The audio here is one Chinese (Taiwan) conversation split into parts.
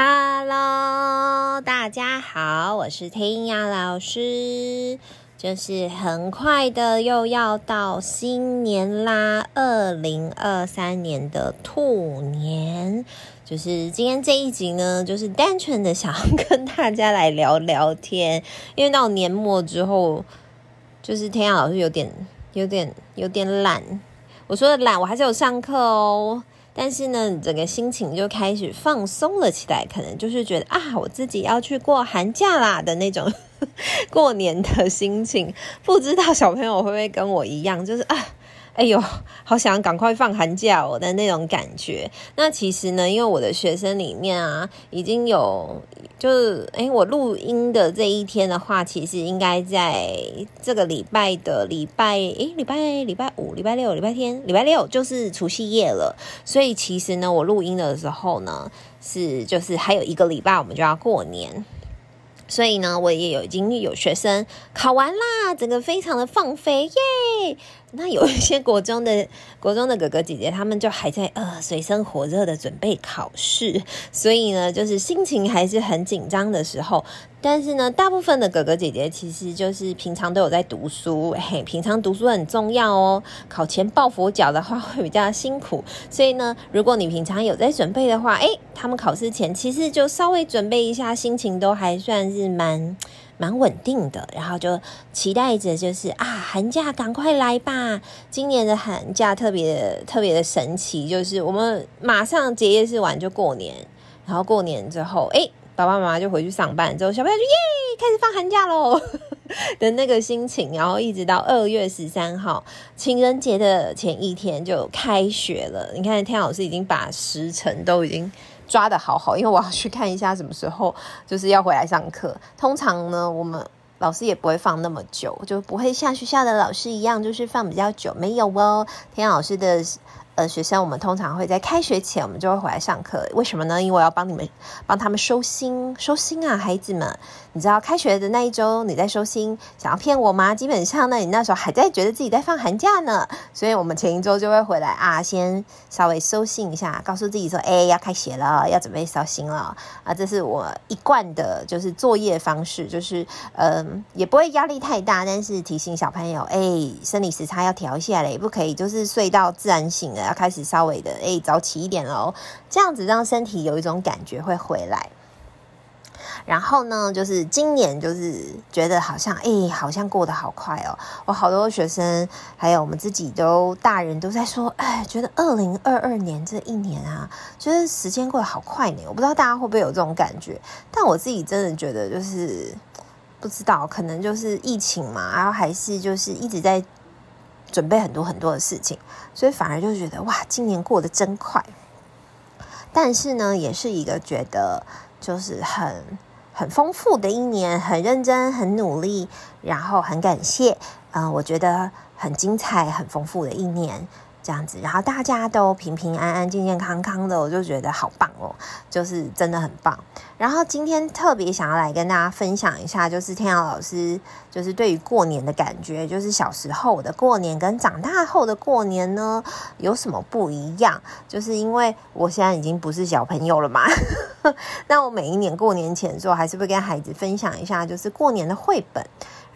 Hello，大家好，我是彈雅老師。就是很快的又要到新年啦，二零二三年的兔年。就是今天這一集呢，就是單純的想跟大家來聊聊天，因為到年末之後，就是彈雅老師有點、有點、有點懶。我說的懶，我還是有上課哦。但是呢，整個心情就開始放鬆了起來，可能就是覺得啊，我自己要去過寒假啦的那種呵呵，過年的心情。不知道小朋友會不會跟我一樣，就是啊。哎呦，好想趕快放寒假哦的那種感覺。那其實呢，因為我的學生裡面啊，已經有就是，誒、欸、我錄音的這一天的話，其實應該在這個禮拜的禮拜，誒、欸、禮拜禮拜五、禮拜六、禮拜天，禮拜六就是除夕夜了。所以其實呢，我錄音的時候呢，是就是還有一個禮拜，我們就要過年。所以呢，我也有已經有學生考完啦，整個非常的放飛耶。Yeah! 那有一些國中的國中的哥哥姐姐，他們就還在呃水深火熱的準備考試，所以呢，就是心情還是很緊張的時候。但是呢，大部分的哥哥姐姐其實就是平常都有在讀書，嘿，平常讀書很重要哦。考前抱佛腳的話會比較辛苦，所以呢，如果你平常有在準備的話，哎，他們考試前其實就稍微準備一下，心情都還算是蠻蠻穩定的，然後就期待着，就是啊，寒假趕快來吧！今年的寒假特別的特別的神奇，就是我們馬上結業式完就過年，然後過年之後，誒、欸、爸爸媽媽就回去上班，之後小朋友就耶，開始放寒假嘍的那個心情，然後一直到二月十三號情人節的前一天就開學了。你看，彈雅老師已經把時程都已經。抓得好好，因為我要去看一下什麼時候就是要回來上課。通常呢，我們老師也不會放那麼久，就不會像學校的老師一樣，就是放比較久。沒有哦，彈雅老師的呃學生，我們通常會在開學前我們就會回來上課。為什麼呢？因為我要幫你們，幫他們收心，收心啊，孩子們。你知道開學的那一周你在收心，想要騙我嗎？基本上呢，你那時候還在覺得自己在放寒假呢，所以我們前一周就會回來啊，先稍微收心一下，告訴自己說：“哎、欸，要開學了，要準備收心了啊。”這是我一貫的，就是作業方式，就是嗯，也不會壓力太大，但是提醒小朋友，哎、欸，生理時差要調下來，也不可以就是睡到自然醒了，要開始稍微的哎、欸，早起一點哦，這樣子讓身體有一種感覺會回來。然後呢，就是今年，就是覺得好像，哎、欸，好像過得好快哦。我好多學生，還有我們自己都大人都在說，哎，覺得二零二二年這一年啊，覺得時間過得好快呢。我不知道大家會不會有這種感覺，但我自己真的覺得，就是不知道，可能就是疫情嘛，然後還是就是一直在準備很多很多的事情，所以反而就覺得哇，今年過得真快。但是呢，也是一個覺得就是很。很豐富的一年，很認真，很努力，然後很感謝，嗯，我覺得很精彩，很豐富的一年。這樣子，然後大家都平平安安、健健康康的，我就覺得好棒哦，就是真的很棒。然後今天特別想要來跟大家分享一下，就是彈雅老師，就是對於過年的感覺，就是小時候的過年跟長大後的過年呢，有什麼不一樣？就是因為我現在已經不是小朋友了嘛， 那我每一年過年前的時候，還是會跟孩子分享一下，就是過年的繪本。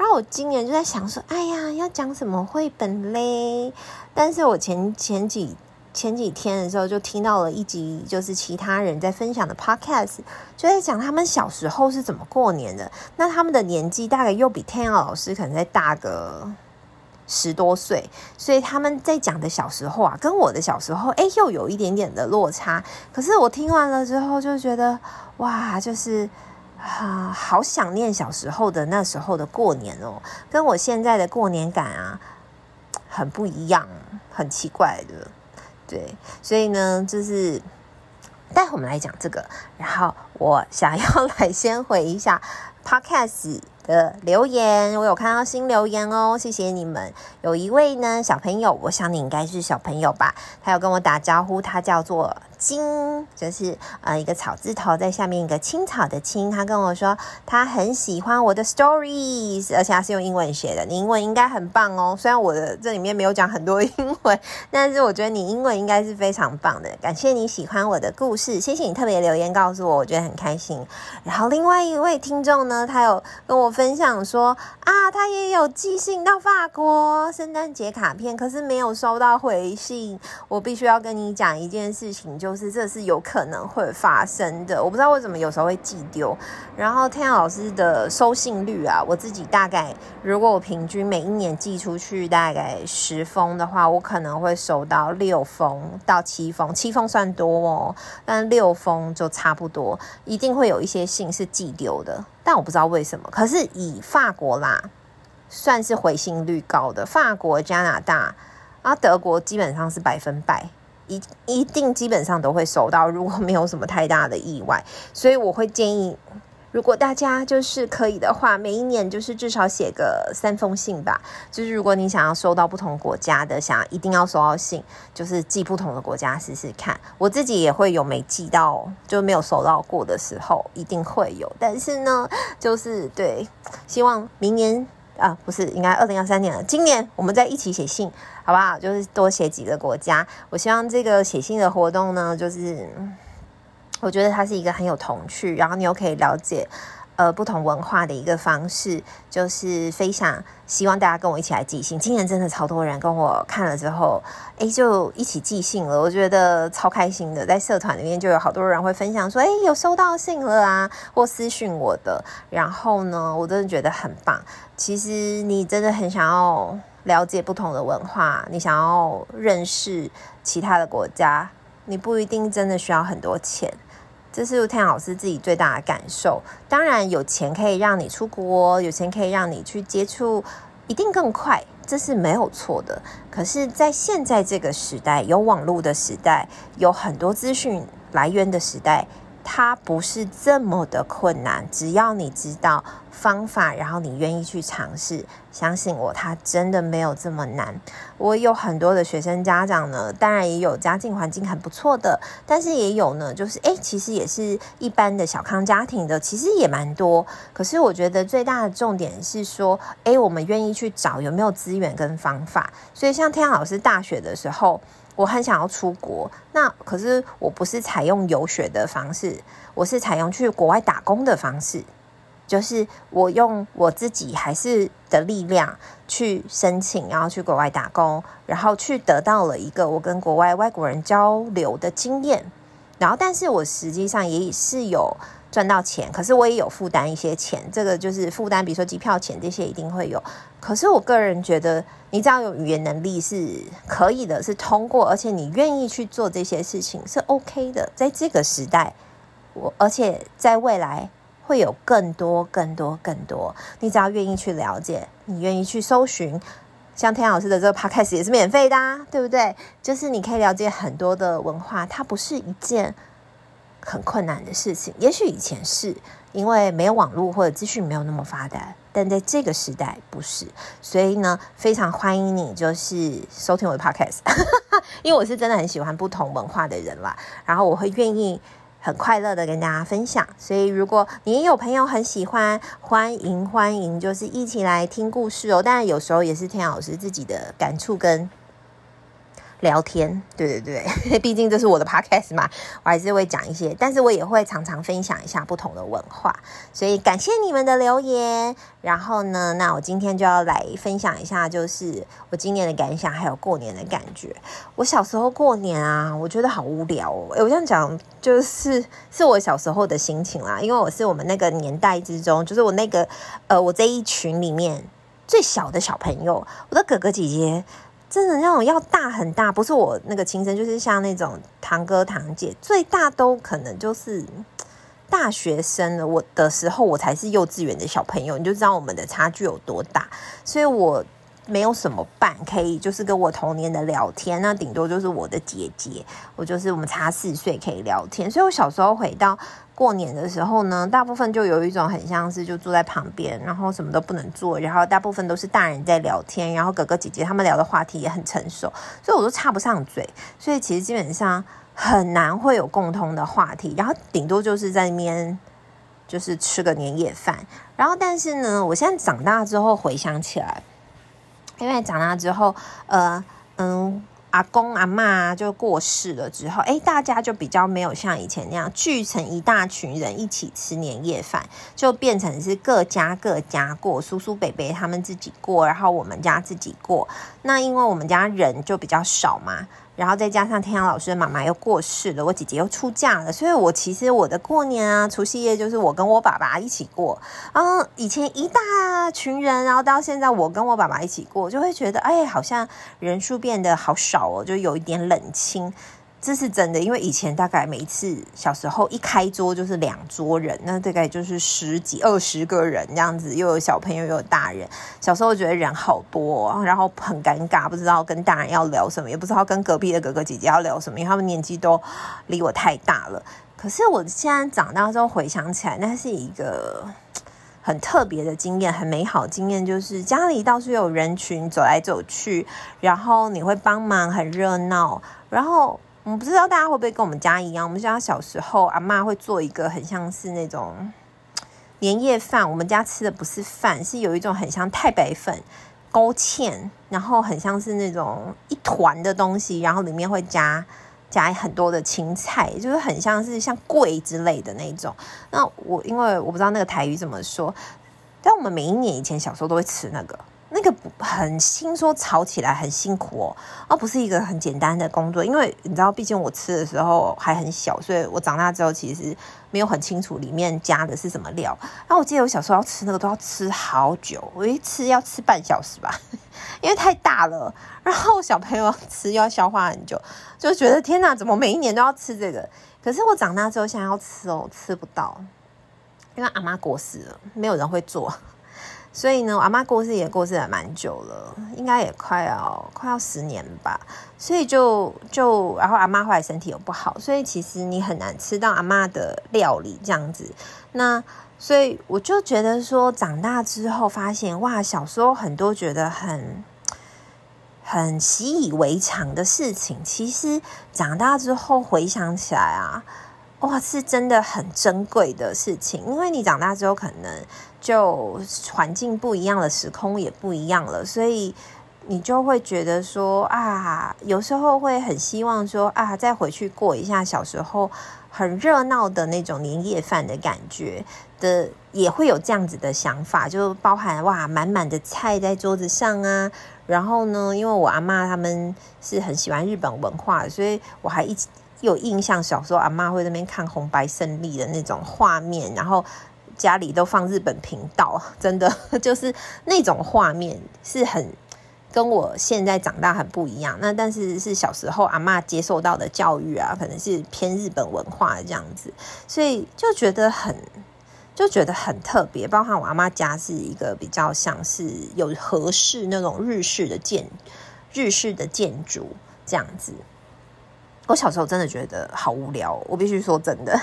然後我今年就在想說，哎呀，要講什麼繪本嘞？但是我前前幾前幾天的時候，就聽到了一集，就是其他人在分享的 podcast，就在講他們小時候是怎麼過年的。那他們的年紀大概又比彈雅老師可能再大個十多歲，所以他們在講的小時候啊，跟我的小時候，哎，又有一點點的落差。可是我聽完了之後，就覺得哇，就是。啊，好想念小時候的那時候的過年哦，跟我現在的過年感啊，很不一樣，很奇怪的。對，所以呢，就是待會我們來講這個。然後我想要來先回一下 Podcast 的留言，我有看到新留言哦，謝謝你們。有一位呢小朋友，我想你應該是小朋友吧，他有跟我打招呼，他叫做。菁，就是呃，一個草字頭在下面一個青草的青。他跟我說他很喜歡我的 stories，而且他是用英文寫的，你英文應該很棒哦。雖然我的這裡面沒有講很多英文，但是我覺得你英文應該是非常棒的。感謝你喜歡我的故事，謝謝你特別留言告訴我，我覺得很開心。然後另外一位聽眾呢，他有跟我分享說啊，他也有寄信到法國聖誕節卡片，可是沒有收到回信。我必須要跟你講一件事情就，不是，這是有可能會發生的。我不知道為什麼有時候會寄丟。然後彈雅老師的收信率啊，我自己大概，如果我平均每一年寄出去大概十封的話，我可能會收到六封到七封，七封算多哦，但六封就差不多。一定會有一些信是寄丟的，但我不知道為什麼。可是以法國啦，算是回信率高的。法國、加拿大啊，德國基本上是百分百。一定基本上都會收到，如果沒有什麼太大的意外，所以我會建議，如果大家就是可以的話，每一年就是至少寫個三封信吧。就是如果你想要收到不同國家的，想要一定要收到信，就是寄不同的國家試試看。我自己也會有沒寄到，就沒有收到過的時候，一定會有。但是呢，就是對，希望明年。啊，不是，應該二零一三年了。今年我們在一起寫信，好不好？就是多寫幾個國家。我希望這個寫信的活動呢，就是我覺得它是一個很有童趣，然後你又可以了解。呃，不同文化的一個方式，就是非常希望大家跟我一起來寄信。今年真的超多人跟我看了之後，誒，就一起寄信了。我覺得超開心的，在社團裡面就有好多人會分享說，誒，有收到信了啊，或私訊我的。然後呢，我真的覺得很棒。其實你真的很想要了解不同的文化，你想要認識其他的國家，你不一定真的需要很多錢。這是彈雅老師自己最大的感受。當然，有錢可以讓你出國，有錢可以讓你去接觸，一定更快，這是沒有錯的。可是，在現在這個時代，有網絡的時代，有很多資訊來源的時代。它不是這麼的困難，只要你知道方法，然後你願意去嘗試，相信我，它真的沒有這麼難。我有很多的學生家長呢，當然也有家境環境很不錯的，但是也有呢，就是誒、欸，其實也是一般的小康家庭的，其實也蠻多。可是我覺得最大的重點是說，誒、欸，我們願意去找有沒有資源跟方法。所以像彈雅老師大學的時候。我很想要出國，那可是我不是採用遊學的方式，我是採用去國外打工的方式，就是我用我自己還是的力量去申請，然後去國外打工，然後去得到了一個我跟國外外國人交流的經驗，然後但是我實際上也，也是有。賺到錢，可是我也有負擔一些錢，這個就是負擔，比如說機票錢這些一定會有。可是我個人覺得，你只要有語言能力是可以的，是通過，而且你願意去做這些事情是 OK 的。在這個時代，我而且在未來會有更多、更多、更多。你只要願意去了解，你願意去搜尋，像彈雅老師的這個 Podcast 也是免費的啊，對不對？就是你可以了解很多的文化，它不是一件。很困難的事情，也許以前是因為沒有網絡或者資訊沒有那麼發達，但在這個時代不是，所以呢，非常歡迎你就是收聽我的 podcast， 因為我是真的很喜歡不同文化的人啦，然後我會願意很快樂的跟大家分享，所以如果你有朋友很喜歡，歡迎歡迎，就是一起來聽故事哦，喔。但有時候也是彈雅老師自己的感觸跟聊天，對對對，畢竟這是我的 podcast 嘛，我還是會講一些，但是我也會常常分享一下不同的文化，所以感謝你們的留言。然後呢，那我今天就要來分享一下，就是我今年的感想，還有過年的感覺。我小時候過年啊，我覺得好無聊哦。我這樣講，就是是我小時候的心情啦，因為我是我們那個年代之中，就是我那個呃，我這一群裡面最小的小朋友，我的哥哥姐姐。真的那種要大很大，不是我那個親生，就是像那種堂哥堂姐，最大都可能就是大學生了。我的時候，我才是幼稚園的小朋友，你就知道我們的差距有多大。所以我。沒有什麼伴可以，就是跟我同年的聊天，那頂多就是我的姐姐，我就是我們差四歲可以聊天。所以我小時候回到過年的時候呢，大部分就有一種很像是就坐在旁邊，然後什麼都不能做，然後大部分都是大人在聊天，然後哥哥姐姐他們聊的話題也很成熟，所以我都插不上嘴，所以其實基本上很難會有共通的話題，然後頂多就是在那邊就是吃個年夜飯，然後但是呢，我現在長大之後回想起來。因為長大之後，呃，嗯，阿公阿嬤，就過世了之後，哎，大家就比較沒有像以前那樣聚成一大群人一起吃年夜飯，就變成是各家各家過，叔叔伯伯他們自己過，然後我們家自己過。那因為我們家人就比較少嘛。然後再加上彈雅老師的媽媽又過世了，我姐姐又出嫁了，所以我其實我的過年啊，除夕夜就是我跟我爸爸一起過。嗯，以前一大群人，然後到現在我跟我爸爸一起過，就會覺得哎，好像人數變得好少哦，就有一點冷清。這是真的，因為以前大概每一次小時候一開桌就是兩桌人，那大概就是十幾二十個人這樣子，又有小朋友又有大人。小時候我覺得人好多哦，然後很尷尬，不知道跟大人要聊什麼，也不知道跟隔壁的哥哥姐姐要聊什麼，因為他們年紀都離我太大了。可是我現在長大之後回想起來，那是一個很特別的經驗，很美好的經驗。就是家裡倒是有人群走來走去，然後你會幫忙，很熱鬧，然後。我們不知道大家會不會跟我們家一樣，我們家小時候阿嬤會做一個很像是那種年夜飯，我們家吃的不是飯，是有一種很像太白粉勾芡，然後很像是那種一團的東西，然後裡面會加加很多的青菜，就是很像是像粿之類的那種。那我因為我不知道那個台語怎麼說，但我們每一年以前小時候都會吃那個。那個很辛，說炒起來很辛苦哦，而不是一個很簡單的工作。因為你知道，畢竟我吃的時候還很小，所以我長大之後其實沒有很清楚裡面加的是什麼料。然後我記得我小時候要吃那個都要吃好久，我一吃要吃半小時吧，因為太大了。然後小朋友要吃又要消化很久，就覺得天哪，怎麼每一年都要吃這個？可是我長大之後想要吃哦，吃不到，因為阿媽過世了，沒有人會做。所以呢，我阿媽過世也過世了，蠻久了，應該也快要快要十年吧。所以就就然後阿媽後來身體又不好，所以其實你很難吃到阿媽的料理這樣子。那所以我就覺得說，長大之後發現哇，小時候很多覺得很很習以為常的事情，其實長大之後回想起來啊，哇，是真的很珍貴的事情，因為你長大之後可能。就環境不一樣的時空也不一樣了，所以你就會覺得說啊，有時候會很希望說啊，再回去過一下小時候很熱鬧的那種年夜飯的感覺的，也會有這樣子的想法，就包含哇，滿滿的菜在桌子上啊。然後呢，因為我阿嬤他們是很喜歡日本文化的，所以我還一直有印象，小時候阿嬤會在那邊看紅白勝利的那種畫面，然後。家裡都放日本頻道，真的就是那種畫面，是很跟我現在長大很不一樣。那但是是小時候阿嬤接受到的教育啊，可能是偏日本文化這樣子，所以就覺得很就覺得很特別。包含我阿嬤家是一個比較像是有合適那種日式的建日式的建築這樣子。我小時候真的覺得好無聊，我必須說真的。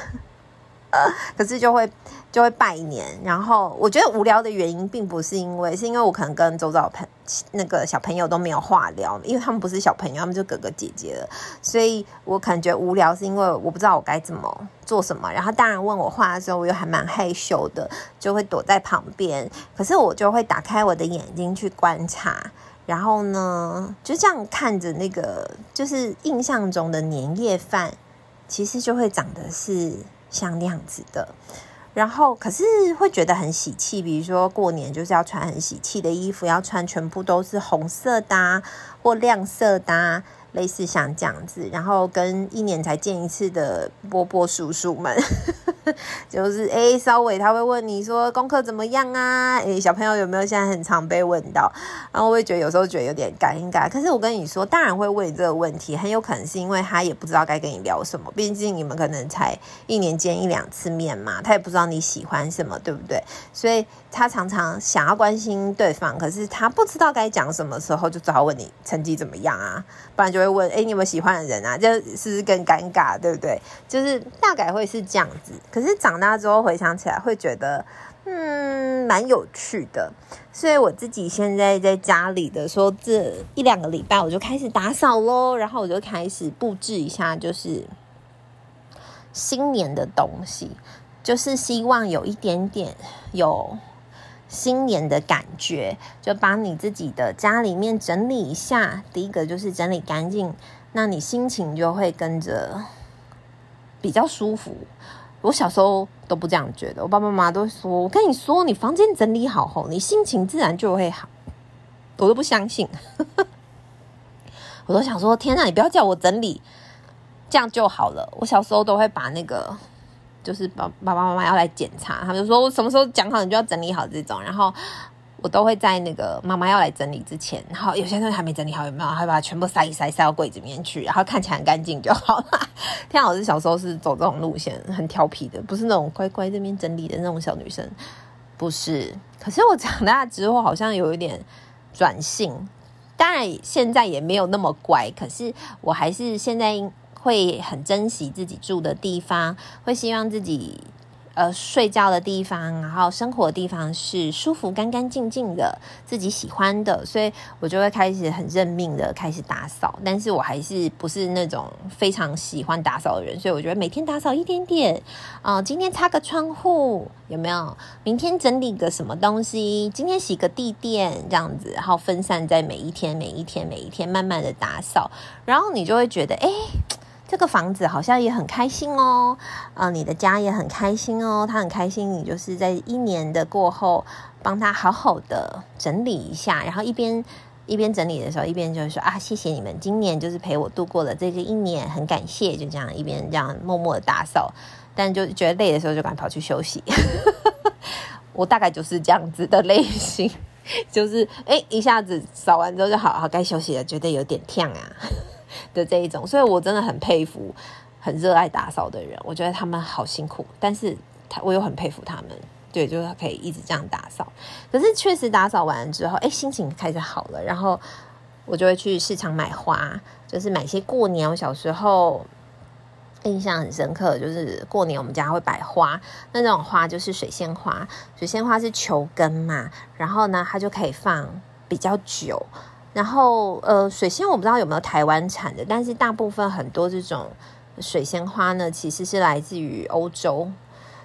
呃，可是就會就會拜年，然後我覺得無聊的原因，並不是因為，是因為我可能跟周遭朋那個小朋友都沒有話聊，因為他們不是小朋友，他們就哥哥姐姐了，所以我感覺無聊，是因為我不知道我該怎麼做什麼。然後大人問我話的時候，我又還蠻害羞的，就會躲在旁邊。可是我就會打開我的眼睛去觀察，然後呢，就這樣看着那個，就是印象中的年夜飯，其實就會長得是。像那樣子的，然後可是會覺得很喜氣，比如說過年就是要穿很喜氣的衣服，要穿全部都是紅色的、啊、或亮色的、啊。類似像這樣子，然後跟一年才見一次的波波叔叔們， 就是誒、欸，稍微他會問你說功課怎麼樣啊？誒、欸，小朋友有沒有現在很常被問到？然後我也覺得有時候覺得有點尷尬，可是我跟你說，大人會問你這個問題，很有可能是因為他也不知道該跟你聊什麼，畢竟你們可能才一年見一兩次面嘛，他也不知道你喜歡什麼，對不對？所以。他常常想要關心對方，可是他不知道該講什麼時候，就只好問你成績怎麼樣啊？不然就會問，哎、欸，你有沒有喜歡的人啊？就是不是更尷尬，對不對？就是大概會是這樣子。可是長大之後回想起來，會覺得嗯，蠻有趣的。所以我自己現在在家裡的說這一兩個禮拜我就開始打掃咯，然後我就開始布置一下，就是新年的東西，就是希望有一點點有。新年的感覺，就把你自己的家裡面整理一下。第一個就是整理乾淨，那你心情就會跟着比較舒服。我小時候都不這樣覺得，我爸爸媽媽都說：“我跟你說，你房間整理好後，你心情自然就會好。”我都不相信， 我都想說：“天哪，你不要叫我整理，這樣就好了。”我小時候都會把那個。就是爸爸爸媽媽要來檢查，他們說：“我什麼時候講好，你就要整理好這種。”然後我都會在那個媽媽要來整理之前，然後有些東西還沒整理好，有沒有？還把它全部塞一塞，塞到櫃子裡面去，然後看起來很乾淨就好了。彈雅老師小時候是走這種路線，很調皮的，不是那種乖乖這邊整理的那種小女生，不是。可是我長大之後好像有一點轉性，當然現在也沒有那麼乖，可是我還是現在。會很珍惜自己住的地方，會希望自己呃睡覺的地方，然後生活的地方是舒服、乾乾淨淨的，自己喜歡的，所以我就會開始很認命的開始打掃。但是我還是不是那種非常喜歡打掃的人，所以我覺得每天打掃一點點，哦，今天擦個窗戶有沒有？明天整理個什麼東西？今天洗個地墊這樣子，然後分散在每一天、每一天、每一天，慢慢的打掃，然後你就會覺得，哎。這個房子好像也很開心哦，啊、呃，你的家也很開心哦，他很開心。你就是在一年的過後，幫他好好的整理一下，然後一邊一邊整理的時候，一邊就是說啊，謝謝你們，今年就是陪我度過了這個一年，很感謝。就這樣一邊這樣默默的打掃，但就覺得累的時候就趕快跑去休息。 我大概就是這樣子的類型，就是哎，一下子掃完之後就好好該休息了，覺得有點跳啊，的這一種，所以我真的很佩服，很熱愛打掃的人。我覺得他們好辛苦，但是我又很佩服他們。對，就是可以一直這樣打掃。可是確實打掃完之後，欸，心情開始好了。然後我就會去市場買花，就是買一些過年。我小時候印象很深刻，就是過年我們家會擺花，那種花就是水仙花。水仙花是球根嘛，然後呢，它就可以放比較久。然後，呃，水仙我不知道有沒有台灣產的，但是大部分很多這種水仙花呢，其實是來自於歐洲，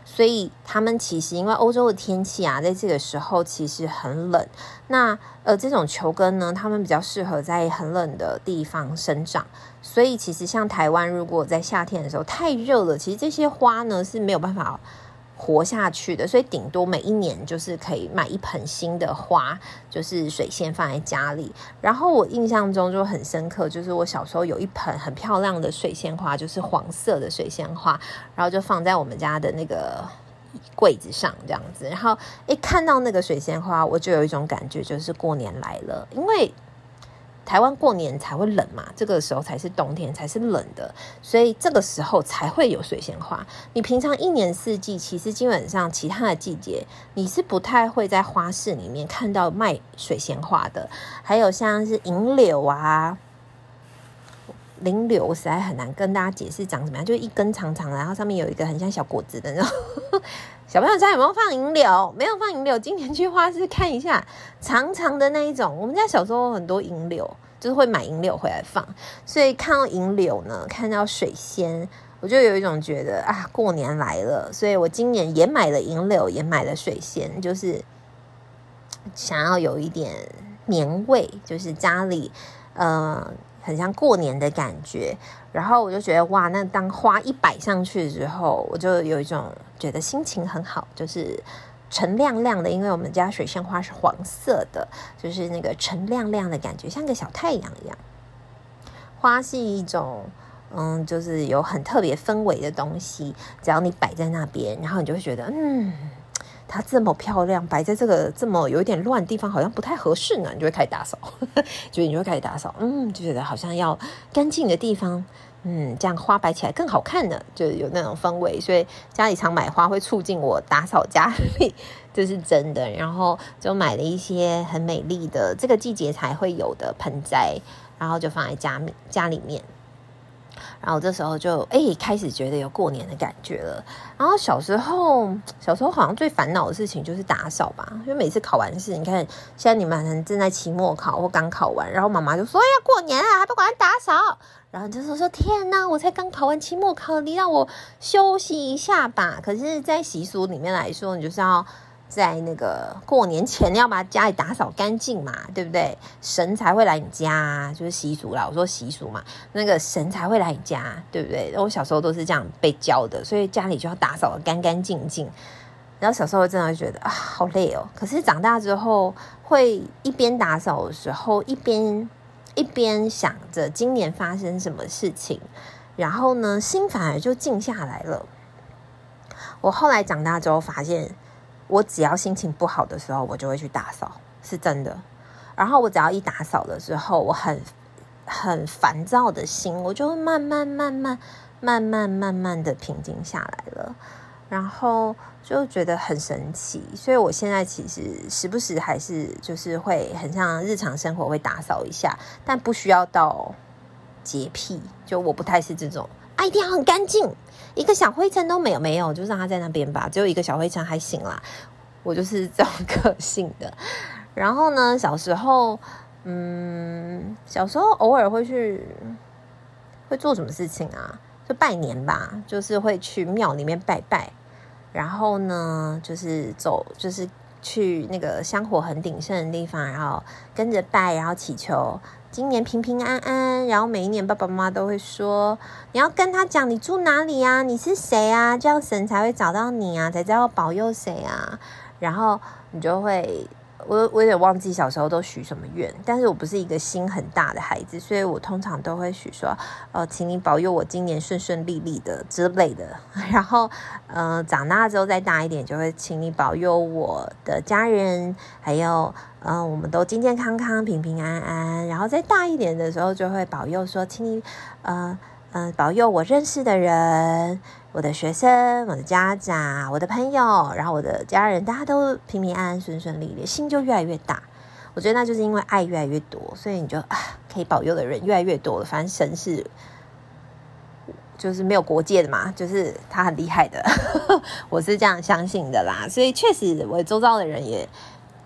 所以他們其實因為歐洲的天氣啊，在這個時候其實很冷。那呃，這種球根呢，他們比較適合在很冷的地方生長，所以其實像台灣，如果在夏天的時候太熱了，其實這些花呢是沒有辦法。活下去的，所以頂多每一年就是可以買一盆新的花，就是水仙放在家裡。然後我印象中就很深刻，就是我小時候有一盆很漂亮的水仙花，就是黃色的水仙花，然後就放在我們家的那個櫃子上，這樣子。然後一，欸，看到那個水仙花，我就有一種感覺，就是過年來了，因為。台灣過年才會冷嘛，這個時候才是冬天，才是冷的，所以這個時候才會有水仙花。你平常一年四季，其實基本上其他的季節，你是不太會在花市裡面看到賣水仙花的。還有像是銀柳啊，銀柳我實在很難跟大家解釋長什麼樣，就一根長長的，然後上面有一個很像小果子的，那種。小朋友家有沒有放銀柳？沒有放銀柳，今年去花市看一下長長的那一種。我們家小時候很多銀柳，就是會買銀柳回來放。所以看到銀柳呢，看到水仙，我就有一種覺得啊，過年來了。所以我今年也買了銀柳，也買了水仙，就是想要有一點年味，就是家裡呃很像過年的感覺。然後我就覺得哇，那當花一擺上去之後，我就有一種。覺得心情很好，就是橙亮亮的，因為我們家水仙花是黃色的，就是那個橙亮亮的感覺，像個小太陽一樣。花是一種，嗯，就是有很特別氛圍的東西。只要你擺在那邊，然後你就會覺得，嗯，它這麼漂亮，擺在這個這麼有點亂的地方好像不太合適呢？你就會開始打掃，呵呵，就你就會開始打掃，嗯，就覺得好像要乾淨的地方。嗯，這樣花擺起來更好看的，就有那種氛圍，所以家裡常買花會促進我打掃家裡，這、就是真的。然後就買了一些很美麗的，這個季節才會有的盆栽，然後就放在家家裡面。然後這時候就哎、欸、開始覺得有過年的感覺了。然後小時候，小時候好像最煩惱的事情就是打掃吧，因為每次考完試，你看，像你們還正在期末考或剛考完，然後媽媽就說：“哎呀，過年啊，還不趕緊打掃？”然後就是說：“天哪，我才剛考完期末考，你讓我休息一下吧。”可是，在習俗裡面來說，你就是要。在那個過年前要把家裡打掃乾淨嘛，對不對？神才會來你家，就是習俗啦。我說習俗嘛，那個神才會來你家，對不對？我小時候都是這樣被教的，所以家裡就要打掃得乾乾淨淨。然後小時候真的會覺得啊，好累哦。可是長大之後，會一邊打掃的時候，一邊一邊想着今年發生什麼事情，然後呢，心反而就靜下來了。我後來長大之後發現。我只要心情不好的時候，我就會去打掃，是真的。然後我只要一打掃的時候，我很很煩躁的心，我就會慢慢慢慢慢慢慢慢的平靜下來了。然後就覺得很神奇，所以我現在其實時不時還是就是會很像日常生活會打掃一下，但不需要到潔癖，就我不太是這種。啊，一定要很乾淨，一個小灰塵都沒有，沒有就讓它在那邊吧。只有一個小灰塵還行啦，我就是這種個性的。然後呢，小時候，嗯，小時候偶爾會去，會做什麼事情啊？就拜年吧，就是會去廟裡面拜拜。然後呢，就是走，就是去那個香火很鼎盛的地方，然後跟着拜，然後祈求。今年平平安安，然後每一年爸爸媽媽都會說，你要跟他講你住哪裡啊，你是誰啊，這樣神才會找到你啊，才知道保佑誰啊，然後你就會。我我有點忘記小時候都許什麼願，但是我不是一個心很大的孩子，所以我通常都會許說，呃，請你保佑我今年順順利利的之類的。然後，呃，長大之後再大一點，就會請你保佑我的家人，還有，呃，我們都健健康康、平平安安。然後再大一點的時候，就會保佑說，請你，呃。嗯，保佑我認識的人，我的學生，我的家長，我的朋友，然後我的家人，大家都平平安安、順順利利，心就越來越大。我覺得那就是因為愛越來越多，所以你就啊，可以保佑的人越來越多了。反正神是就是沒有國界的嘛，就是他很厲害的， 我是這樣相信的啦。所以確實，我周遭的人也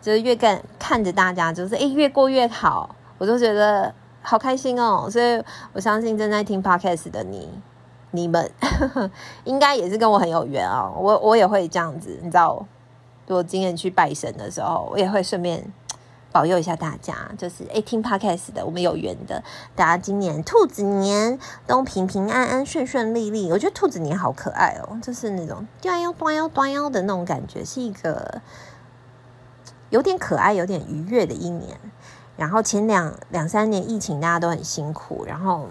就是越更看看着大家，就是哎、欸，越過越好，我就覺得。好開心哦！所以我相信正在聽 podcast 的你、你們， 應該也是跟我很有緣哦，我我也會這樣子，你知道，我今天去拜神的時候，我也會順便保佑一下大家。就是哎、欸，聽 podcast 的，我們有緣的，大家今年兔子年都平平安安、順順利利。我覺得兔子年好可愛哦，就是那種端喲端喲端喲的那種感覺，是一個有點可愛、有點愉悅的一年。然後前兩兩三年疫情大家都很辛苦，然後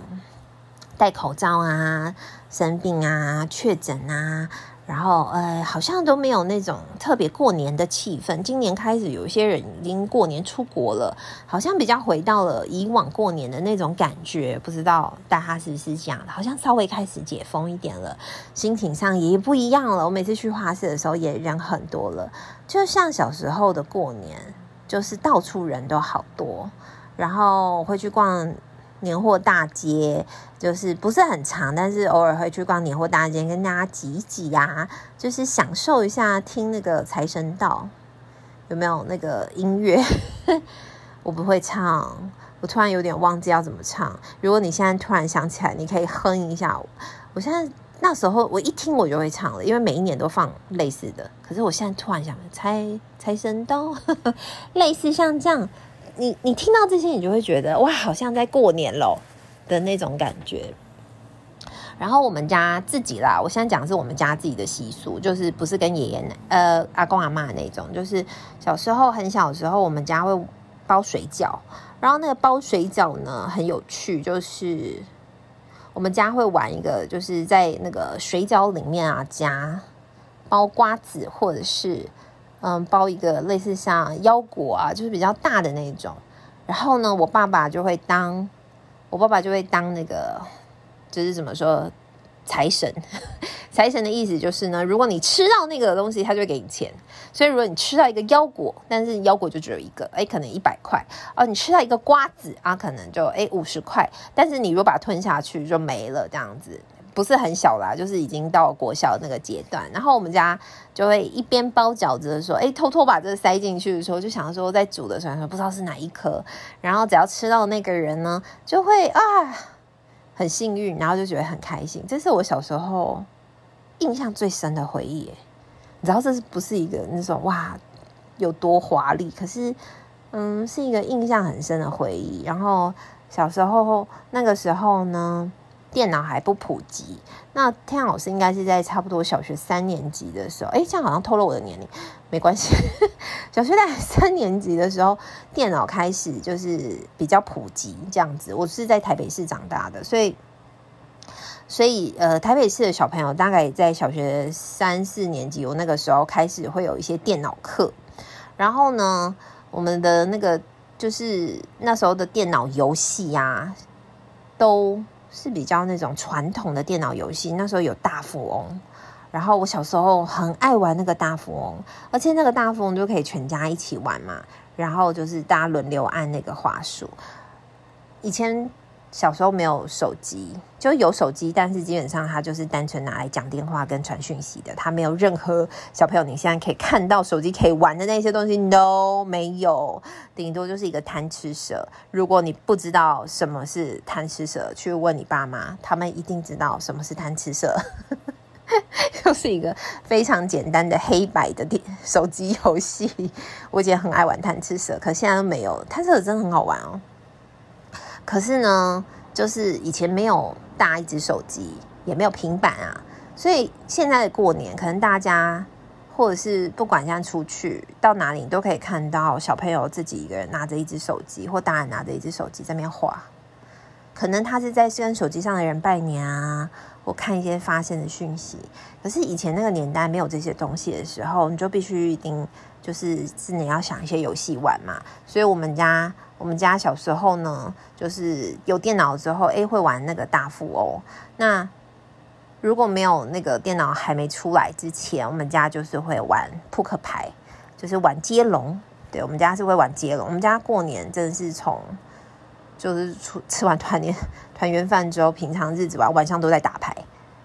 戴口罩啊、生病啊、確診啊，然後呃好像都沒有那種特別過年的氣氛。今年開始，有一些人已經過年出國了，好像比較回到了以往過年的那種感覺。不知道大家是不是這樣？好像稍微開始解封一點了，心情上也不一樣了。我每次去花市的時候也人很多了，就像小時候的過年。就是到處人都好多，然後我會去逛年貨大街，就是不是很長，但是偶爾會去逛年貨大街，跟大家擠一擠呀、啊，就是享受一下，聽那個財神到有沒有那個音樂？ 我不會唱，我突然有點忘記要怎麼唱。如果你現在突然想起來，你可以哼一下我。我現在。那時候我一聽我就會唱了，因為每一年都放類似的。可是我現在突然想猜猜神燈，類似像這樣，你你聽到這些，你就會覺得哇，好像在過年咯的那種感覺。然後我們家自己啦，我現在講的是我們家自己的習俗，就是不是跟爺爺呃阿公阿媽那種，就是小時候很小的時候，我們家會包水餃，然後那個包水餃呢很有趣，就是。我們家會玩一個，就是在那個水餃裡面啊，夾包瓜子，或者是嗯，包一個類似像腰果啊，就是比較大的那一種。然後呢，我爸爸就會當我爸爸就會當那個，就是怎麼說？財神，財神的意思就是呢，如果你吃到那個東西，它就會給你錢。所以如果你吃到一個腰果，但是腰果就只有一個，哎、欸，可能一百塊哦。你吃到一個瓜子啊，可能就哎五十塊，但是你如果把它吞下去就沒了，這樣子不是很小啦、啊，就是已經到了國小的那個階段。然後我們家就會一邊包餃子的時候：“哎、欸，偷偷把這個塞進去的時候，就想說在煮的時候不知道是哪一顆。”然後只要吃到那個人呢，就會啊。很幸運，然後就覺得很開心，這是我小時候印象最深的回憶。你知道這不是一個那種哇有多華麗？可是，嗯，是一個印象很深的回憶。然後小時候那個時候呢，電腦還不普及，彈雅老師應該是在差不多小學三年級的時候，哎，這樣好像透露我的年齡，沒關係。小學在三年級的時候，電腦開始就是比較普及，這樣子。我是在台北市長大的，所以，所以呃，台北市的小朋友大概在小學三四年級，我那個時候開始會有一些電腦課，然後呢，我們的那個就是那時候的電腦遊戲呀、啊，都。是比較那種傳統的電腦遊戲，那時候有大富翁，然後我小時候很愛玩那個大富翁，而且那個大富翁就可以全家一起玩嘛，然後就是大家輪流按那個滑鼠，以前。小時候沒有手機，就有手機，但是基本上他就是單純拿來講電話跟傳訊息的，他沒有任何小朋友你現在可以看到手機可以玩的那些東西，No 沒有，頂多就是一個貪吃蛇。如果你不知道什麼是貪吃蛇，去問你爸媽，他們一定知道什麼是貪吃蛇。又 是一個非常簡單的黑白的電手機遊戲，我以前很愛玩貪吃蛇，可現在都沒有。貪吃蛇真的很好玩哦。可是呢，就是以前沒有大一隻手機，也沒有平板啊，所以現在的過年，可能大家或者是不管現在出去到哪裡，你都可以看到小朋友自己一個人拿着一隻手機，或大人拿着一隻手機在那邊滑。可能他是在跟手機上的人拜年啊，或看一些發生的訊息。可是以前那個年代沒有這些東西的時候，你就必須一定就是是你要想一些遊戲玩嘛，所以我們家。我們家小時候呢，就是有電腦之後，誒、欸，會玩那個大富翁。那如果沒有那個電腦還沒出來之前，我們家就是會玩撲克牌，就是玩接龍。對，我們家是會玩接龍。我們家過年真的是從就是出吃完團年團圓飯之後，平常日子吧，晚上都在打牌，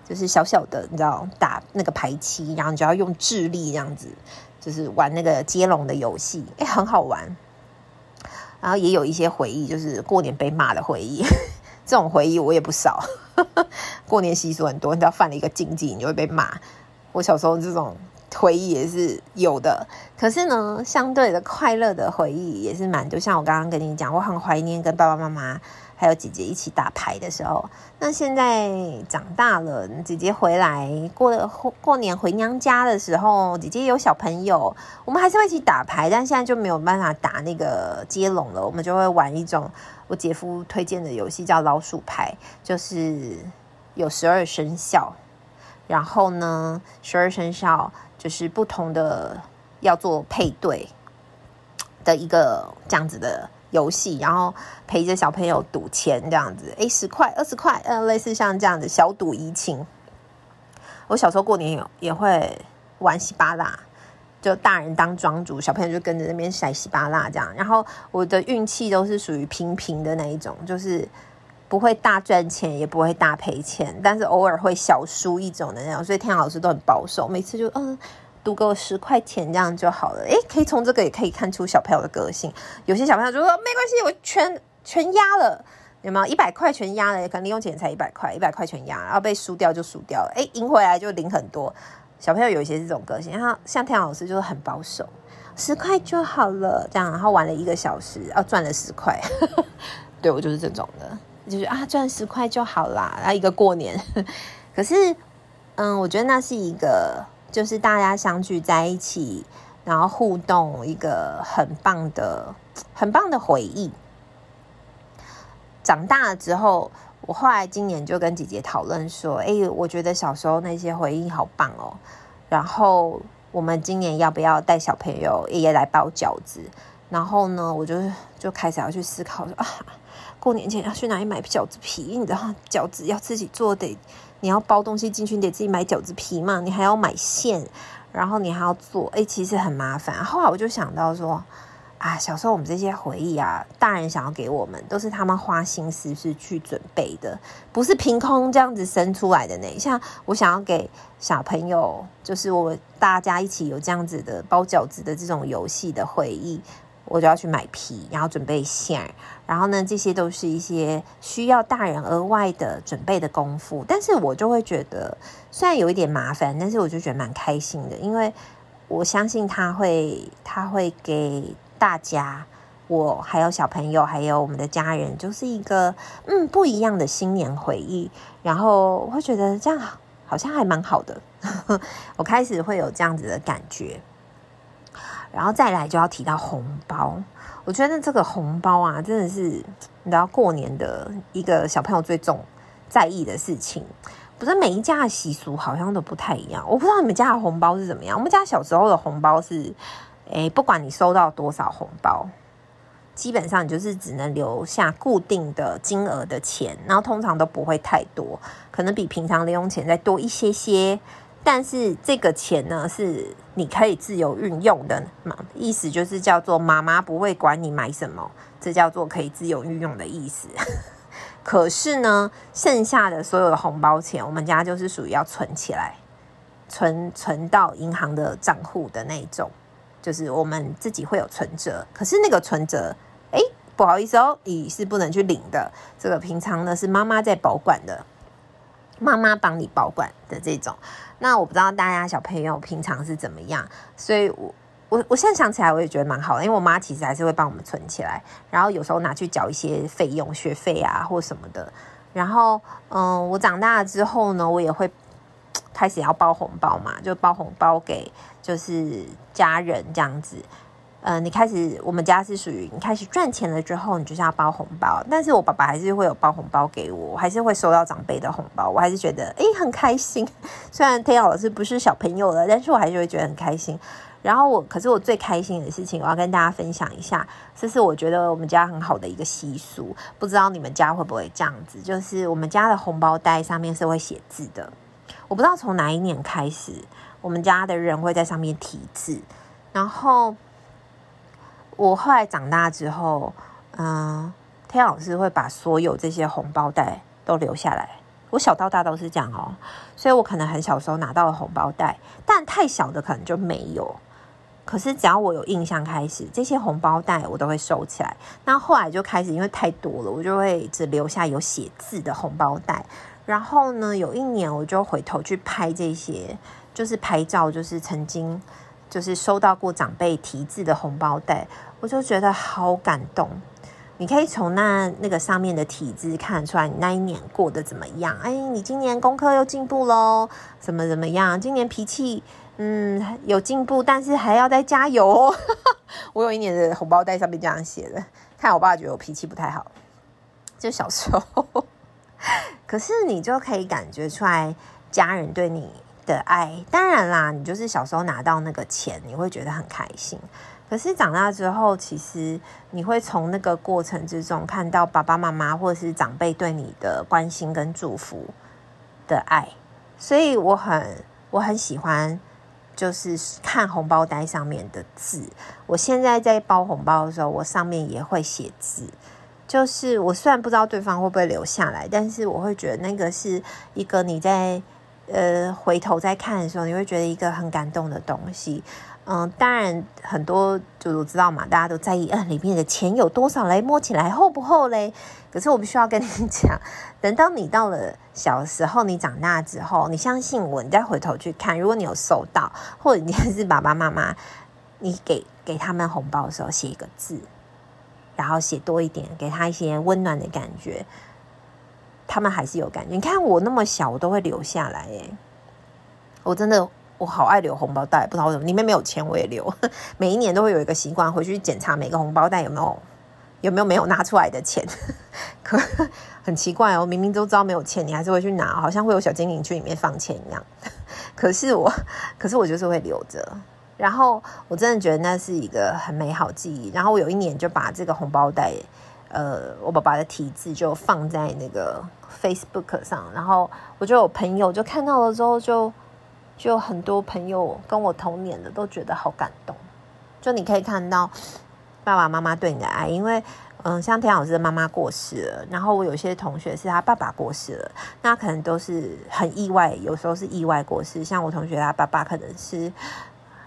就是小小的，你知道打那個牌七，然後你就要用智力這樣子，就是玩那個接龍的遊戲，誒、欸，很好玩。然後也有一些回憶，就是過年被罵的回憶，呵呵，這種回憶我也不少。呵呵，過年習俗很多，你知道犯了一個禁忌，你就會被罵。我小時候這種回憶也是有的，可是呢，相對的快樂的回憶也是蠻多。就像我剛剛跟你講，我很懷念跟爸爸媽媽。還有姐姐一起打牌的時候，那現在長大了，姐姐回來過過過年回娘家的時候，姐姐有小朋友，我們還是會一起打牌，但現在就沒有辦法打那個接龍了，我們就會玩一種我姐夫推薦的遊戲，叫老鼠牌，就是有十二生肖，然後呢，十二生肖就是不同的要做配對的一個這樣子的。遊戲，然後陪着小朋友賭錢這樣子，哎，十塊、二十塊，嗯、呃，類似像這樣子小賭怡情。我小時候過年也也會玩十八啦，就大人當莊主，小朋友就跟着那邊甩十八啦這樣。然後我的運氣都是屬於平平的那一種，就是不會大賺錢，也不會大賠錢，但是偶爾會小輸一種的那種。所以彈雅老師都很保守，每次就嗯。哦賭夠十塊錢這樣就好了，哎，可以從這個也可以看出小朋友的個性。有些小朋友就說沒關係，我全全壓了，有沒有？一百塊全壓了，可能零用錢才一百塊，一百塊全壓，然後被輸掉就輸掉了，哎，贏回來就贏很多。小朋友有一些這種個性，然後像彈雅老師就很保守，十塊就好了，這樣，然後玩了一個小時，然後賺了十塊。 對我就是這種的，就是啊，賺十塊就好啦，然後一個過年。 可是，嗯，我覺得那是一個。就是大家相聚在一起，然後互動，一個很棒的、很棒的回憶。長大了之後，我後來今年就跟姐姐討論說：“哎、欸，我覺得小時候那些回憶好棒哦。”然後我們今年要不要帶小朋友也來包餃子？然後呢，我就就開始要去思考說：“啊，過年前要去哪裡買餃子皮？你知道餃子要自己做的。”你要包東西進去，你得自己買餃子皮嘛，你還要買餡，然後你還要做，欸，其實很麻煩啊。後來我就想到說，啊，小時候我們這些回憶啊，大人想要給我們，都是他們花心思是去準備的，不是憑空這樣子生出來的呢。像我想要給小朋友，就是我大家一起有這樣子的包餃子的這種遊戲的回憶，我就要去買皮，然後準備餡兒然後呢，這些都是一些需要大人額外的準備的功夫，但是我就會覺得雖然有一點麻煩，但是我就覺得蠻開心的，因為我相信他會，他會給大家，我還有小朋友，還有我們的家人，就是一個嗯不一樣的新年回憶，然後會覺得這樣好像還蠻好的， 我開始會有這樣子的感覺，然後再來就要提到紅包。我覺得這個紅包啊，真的是你知道過年的一個小朋友最重在意的事情。不是每一家的習俗好像都不太一樣，我不知道你們家的紅包是怎麼樣。我們家小時候的紅包是，欸，不管你收到多少紅包，基本上就是只能留下固定的金額的錢，然後通常都不會太多，可能比平常零用錢再多一些些。但是這個錢呢是。你可以自由運用的嘛，意思就是叫做媽媽不會管你買什麼，這叫做可以自由運用的意思。 可是呢，剩下的所有的紅包錢，我們家就是屬於要存起來，存存到銀行的賬戶的那一種，就是我們自己會有存摺。可是那個存摺，誒，不好意思哦，你是不能去領的，這個平常呢是媽媽在保管的，媽媽幫你保管的這種。那我不知道大家小朋友平常是怎麼樣，所以我我我現在想起來我也覺得蠻好的，因為我媽其實還是會幫我們存起來，然後有時候拿去繳一些費用、學費啊或什麼的。然後，嗯，我長大了之後呢，我也會開始要包紅包嘛，就包紅包給就是家人這樣子。呃、嗯，你開始，我們家是屬於你開始賺錢了之後，你就是要包紅包。但是，我爸爸還是會有包紅包給我，我還是會收到長輩的紅包，我還是覺得哎、欸、很開心。雖然彈雅老師不是小朋友了，但是我還是會覺得很開心。然後我，可是我最開心的事情，我要跟大家分享一下，這是我覺得我們家很好的一個習俗。不知道你們家會不會這樣子？就是我們家的紅包袋上面是會寫字的。我不知道從哪一年開始，我們家的人會在上面題字，然後。我後來長大之後，嗯，彈雅老師會把所有這些紅包袋都留下來。我小到大都是這樣哦，所以我可能很小時候拿到了紅包袋，但太小的可能就沒有。可是只要我有印象開始，這些紅包袋我都會收起來。那後來就開始，因為太多了，我就會只留下有寫字的紅包袋。然後呢，有一年我就回頭去拍這些，就是拍照，就是曾經。就是收到過長輩題字的紅包袋，我就覺得好感動。你可以從那那個上面的題字看出來，你那一年過得怎麼樣？哎，你今年功課又進步嘍，怎麼怎麼樣？今年脾氣嗯有進步，但是還要再加油哦。 我有一年的紅包袋上面這樣寫的，看我爸覺得我脾氣不太好，就小時候。 可是你就可以感覺出來，家人對你。的愛，當然啦，你就是小時候拿到那個錢，你會覺得很開心。可是長大之後，其實你會從那個過程之中看到爸爸媽媽或者是長輩對你的關心跟祝福的愛。所以我很我很喜歡，就是看紅包袋上面的字。我現在在包紅包的時候，我上面也會寫字。就是我雖然不知道對方會不會留下來，但是我會覺得那個是一個你在。呃，回頭再看的時候，你會覺得一個很感動的東西。嗯，當然很多就我知道嘛，大家都在意，嗯、呃，裡面的錢有多少嘞？摸起來厚不厚嘞？可是我必須要跟你講，等到你到了小時候，你長大之後，你相信我，你再回頭去看，如果你有收到，或者你是爸爸媽媽，你給給他們紅包的時候寫一個字，然後寫多一點，給他一些溫暖的感覺。他們還是有感覺。你看我那麼小，我都會留下來哎、欸。我真的，我好愛留紅包袋，不知道為什麼裡面沒有錢我也留。每一年都會有一個習慣，回去檢查每個紅包袋有沒有有沒有沒有拿出來的錢。可很奇怪哦，明明都知道沒有錢，你還是會去拿，好像會有小精靈去裡面放錢一樣。可是我，可是我就是會留着。然後我真的覺得那是一個很美好記憶。然後我有一年就把這個紅包袋。呃，我爸爸的題字就放在那個 Facebook 上，然後我就有朋友就看到了之後就，就就很多朋友跟我同年的都覺得好感動。就你可以看到爸爸媽媽對你的愛，因為嗯，像田老師的媽媽過世了，然後我有些同學是他爸爸過世了，那可能都是很意外，有時候是意外過世，像我同學他爸爸可能是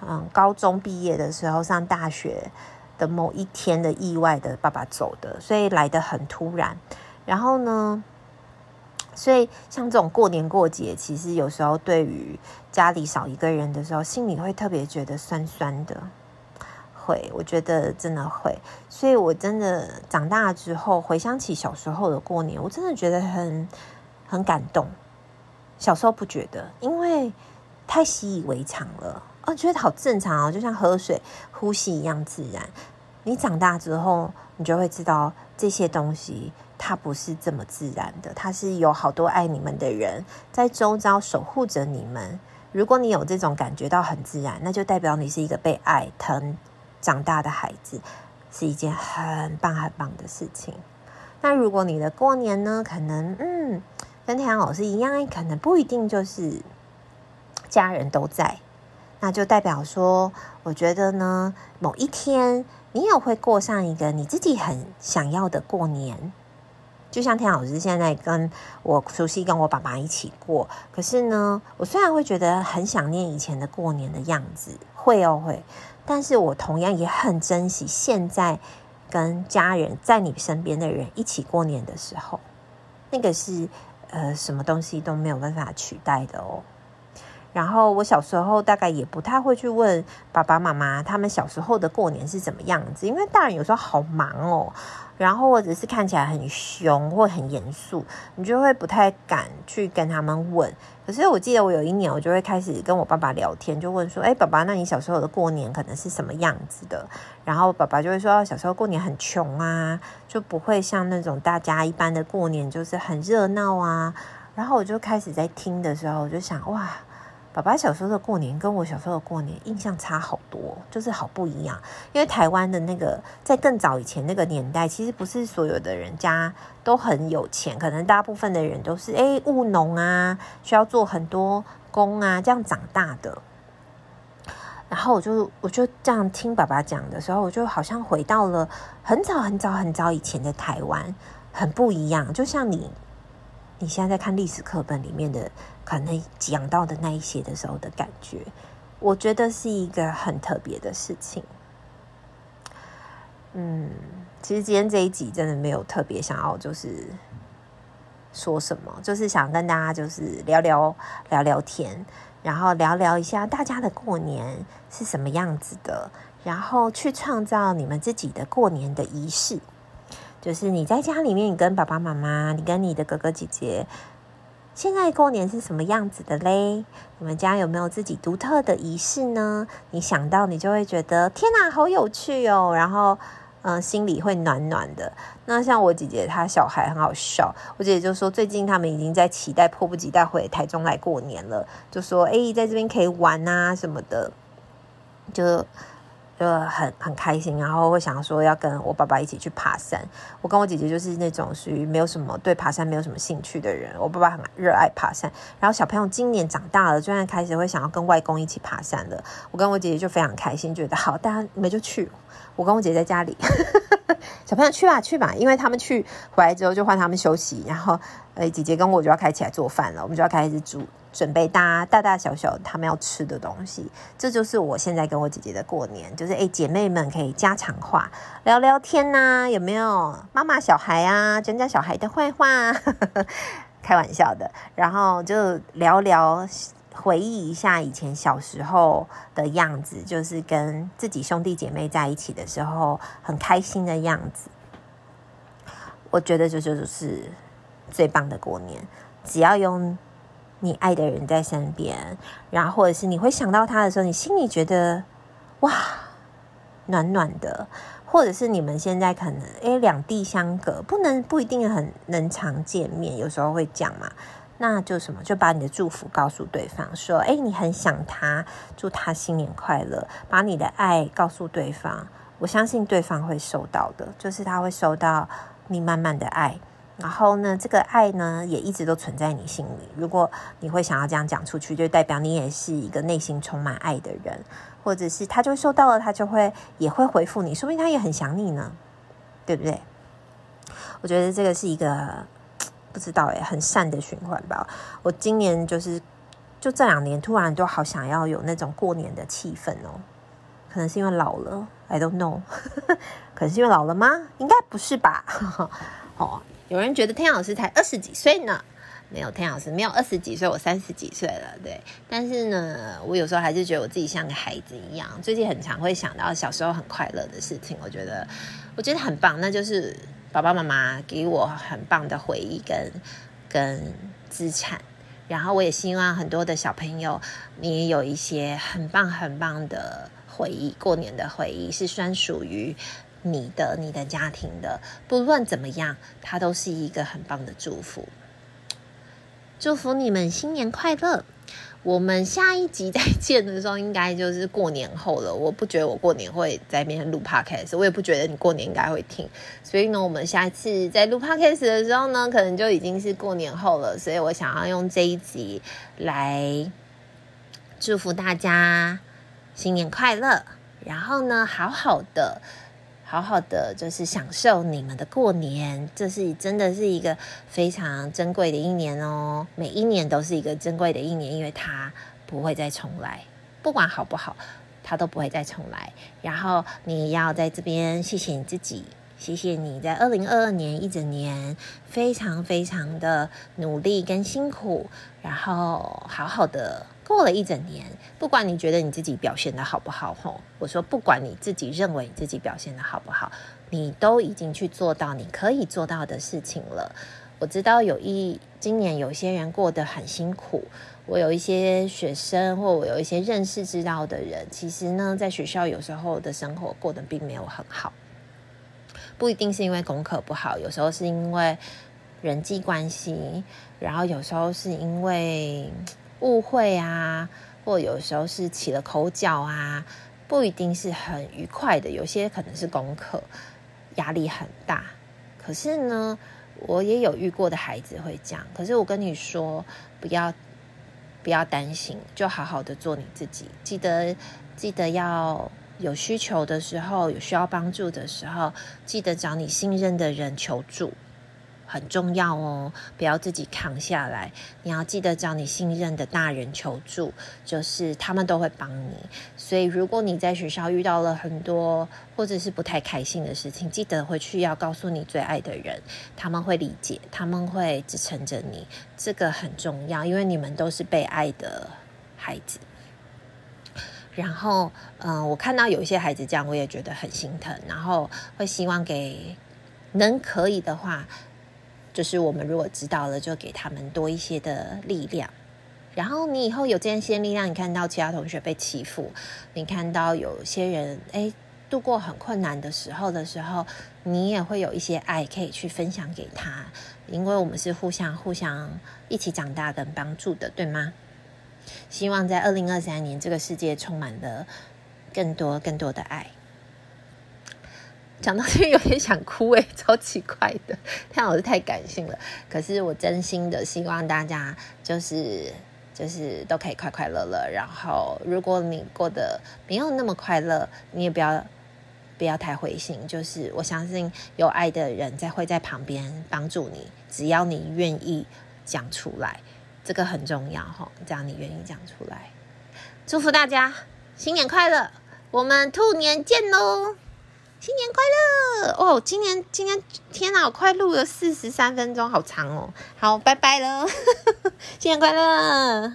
嗯，高中畢業的時候上大學。的某一天的意外的爸爸走的，所以來得很突然。然後呢，所以像這種過年過節，其實有時候對於家裡少一個人的時候，心裡會特別覺得酸酸的。會，我覺得真的會。所以我真的長大之後，回想起小時候的過年，我真的覺得很很感動。小時候不覺得，因為太習以為常了。我，哦，覺得好正常啊，哦，就像喝水。呼吸一樣自然。你長大之後，你就會知道這些東西它不是這麼自然的。它是有好多愛你們的人在周遭，守護着你們。如果你有這種感覺到很自然，那就代表你是一個被愛疼長大的孩子，是一件很棒很棒的事情。那如果你的過年呢，可能嗯，跟彈雅老師一樣，可能不一定就是家人都在，那就代表說，我覺得呢，某一天你也會過上一個你自己很想要的過年。就像彈雅老師現在跟我熟悉，跟我爸爸一起過。可是呢，我雖然會覺得很想念以前的過年的樣子，會哦會，但是我同樣也很珍惜現在跟家人在你身邊的人一起過年的時候，那個是呃，什麼東西都沒有辦法取代的哦。然後我小時候大概也不太會去問爸爸媽媽，他們小時候的過年是怎麼樣子，因為大人有時候好忙哦，然後或者是看起來很凶或很嚴肅，你就會不太敢去跟他們問。可是我記得我有一年，我就會開始跟我爸爸聊天，就問說：“哎，爸爸，那你小時候的過年可能是什麼樣子的？”然後爸爸就會說：“小時候過年很窮啊，就不會像那種大家一般的過年就是很熱鬧啊。”然後我就開始在聽的時候，我就想：“哇。”爸爸小時候的過年跟我小時候的過年印象差好多，就是好不一樣。因為台灣的那個在更早以前那個年代，其實不是所有的人家都很有錢，可能大部分的人都是哎務農啊，需要做很多工啊，這樣長大的。然後我就我就這樣聽爸爸講的時候，我就好像回到了很早很早很早以前的台灣，很不一樣。就像你你現在在看歷史課本裡面的。可能講到的那一些的時候的感覺，我覺得是一個很特別的事情。嗯，其實今天這一集真的沒有特別想要就是說什麼，就是想跟大家就是聊聊、聊聊天，然後聊聊一下大家的過年是什麼樣子的，然後去創造你們自己的過年的儀式，就是你在家裡面，你跟爸爸媽媽，你跟你的哥哥姐姐。現在過年是什麼樣子的嘞？你們家有沒有自己獨特的儀式呢？你想到你就會覺得天哪，好有趣哦！然後，嗯、呃，心裡會暖暖的。那像我姐姐，她小孩很好笑。我姐姐就說，最近他們已經在期待、迫不及待回台中來過年了。就說，哎、欸，在這邊可以玩啊什麼的，就。就很很開心，然後會想說要跟我爸爸一起去爬山。我跟我姐姐就是那種屬於沒有什麼，對爬山沒有什麼興趣的人。我爸爸很熱愛爬山，然後小朋友今年長大了，就在開始會想要跟外公一起爬山了。我跟我姐姐就非常開心，覺得好，大家沒就去。我跟我姐姐在家裡， 小朋友去吧去吧，因為他們去回來之後就換他們休息，然後呃姐姐跟我就要開始起來做飯了，我們就要開始煮。準備搭大大小小他們要吃的東西，這就是我現在跟我姐姐的過年，就是哎、欸，姐妹們可以家常話聊聊天吶、啊，有沒有媽媽小孩啊，講講小孩的壞話，呵呵，開玩笑的，然後就聊聊，回憶一下以前小時候的樣子，就是跟自己兄弟姐妹在一起的時候很開心的樣子。我覺得這就是是最棒的過年，只要用。你愛的人在身邊，然後或者是你會想到他的時候，你心裡覺得哇暖暖的，或者是你們現在可能誒，兩地相隔，不能不一定很能常見面，有時候會講嘛，那就什麼就把你的祝福告訴對方，說誒，你很想他，祝他新年快樂，把你的愛告訴對方，我相信對方會收到的，就是他會收到你滿滿的愛。然後呢，這個愛呢也一直都存在你心裡。如果你會想要這樣講出去，就代表你也是一個內心充滿愛的人，或者是他就收到了，他就會也會回復你，說不定他也很想你呢，對不對？我覺得這個是一個不知道哎、欸，很善的循環吧。我今年就是就這兩年突然都好想要有那種過年的氣氛哦，可能是因為老了，I don't know，可能是因為老了嗎？應該不是吧？哦。有人覺得彈雅老師才二十幾歲呢？沒有彈雅老師沒有二十幾歲，我三十幾歲了。對，但是呢，我有時候還是覺得我自己像個孩子一樣。最近很常會想到小時候很快樂的事情，我覺得我覺得很棒。那就是爸爸媽媽給我很棒的回憶跟跟資產，然後我也希望很多的小朋友，你也有一些很棒很棒的回憶，過年的回憶是專屬於你的、你的家庭的，不論怎麼樣，它都是一個很棒的祝福。祝福你們新年快樂！我們下一集再見的時候，應該就是過年後了。我不覺得我過年會在那邊錄 Podcast，我也不覺得你過年應該會聽。所以呢，我們下次在錄 Podcast 的時候呢，可能就已經是過年後了。所以我想要用這一集來祝福大家新年快樂，然後呢，好好的。好好的，就是享受你們的過年，這是真的是一個非常珍貴的一年哦。每一年都是一個珍貴的一年，因為它不會再重來，不管好不好，它都不會再重來。然後你要在這邊謝謝你自己，謝謝你在2022年一整年非常非常的努力跟辛苦，然後好好的。過了一整年，不管你覺得你自己表現得好不好吼，我說不管你自己認為你自己表現得好不好，你都已經去做到你可以做到的事情了。我知道有一今年有些人過得很辛苦，我有一些學生，或我有一些認識知道的人，其實呢，在學校有時候的生活過得並沒有很好，不一定是因為功課不好，有時候是因為人際關係，然後有時候是因為誤會啊，或有時候是起了口角啊，不一定是很愉快的。有些可能是功課壓力很大，可是呢，我也有遇過的孩子會這樣。可是我跟你說，不要不要擔心，就好好的做你自己。記得記得要有需求的時候，有需要幫助的時候，記得找你信任的人求助。很重要哦，不要自己扛下來。你要記得找你信任的大人求助，就是他們都會幫你。所以，如果你在學校遇到了很多或者是不太開心的事情，記得回去要告訴你最愛的人，他們會理解，他們會支撐着你。這個很重要，因為你們都是被愛的孩子。然後，嗯、呃，我看到有一些孩子這樣，我也覺得很心疼，然後會希望給能可以的話。就是我們如果知道了，就給他們多一些的力量。然後你以後有這樣一些力量，你看到其他同學被欺負，你看到有些人哎度過很困難的時候的時候，你也會有一些愛可以去分享給他，因為我們是互相、互相一起長大跟幫助的，對嗎？希望在二零二三年，這個世界充滿了更多、更多的愛。講到這有點想哭哎，超奇怪的，但我是太感性了。可是我真心的希望大家就是就是都可以快快樂樂。然後如果你過得沒有那麼快樂，你也不要不要太灰心。就是我相信有愛的人在會在旁邊幫助你，只要你願意講出來，這個很重要哦，這樣你願意講出來。祝福大家新年快樂，我們兔年見嘍！新年快樂！哇、哦，今年，今年，天哪，我快錄了四十三分鐘，好長哦。好，拜拜囉 新年快樂！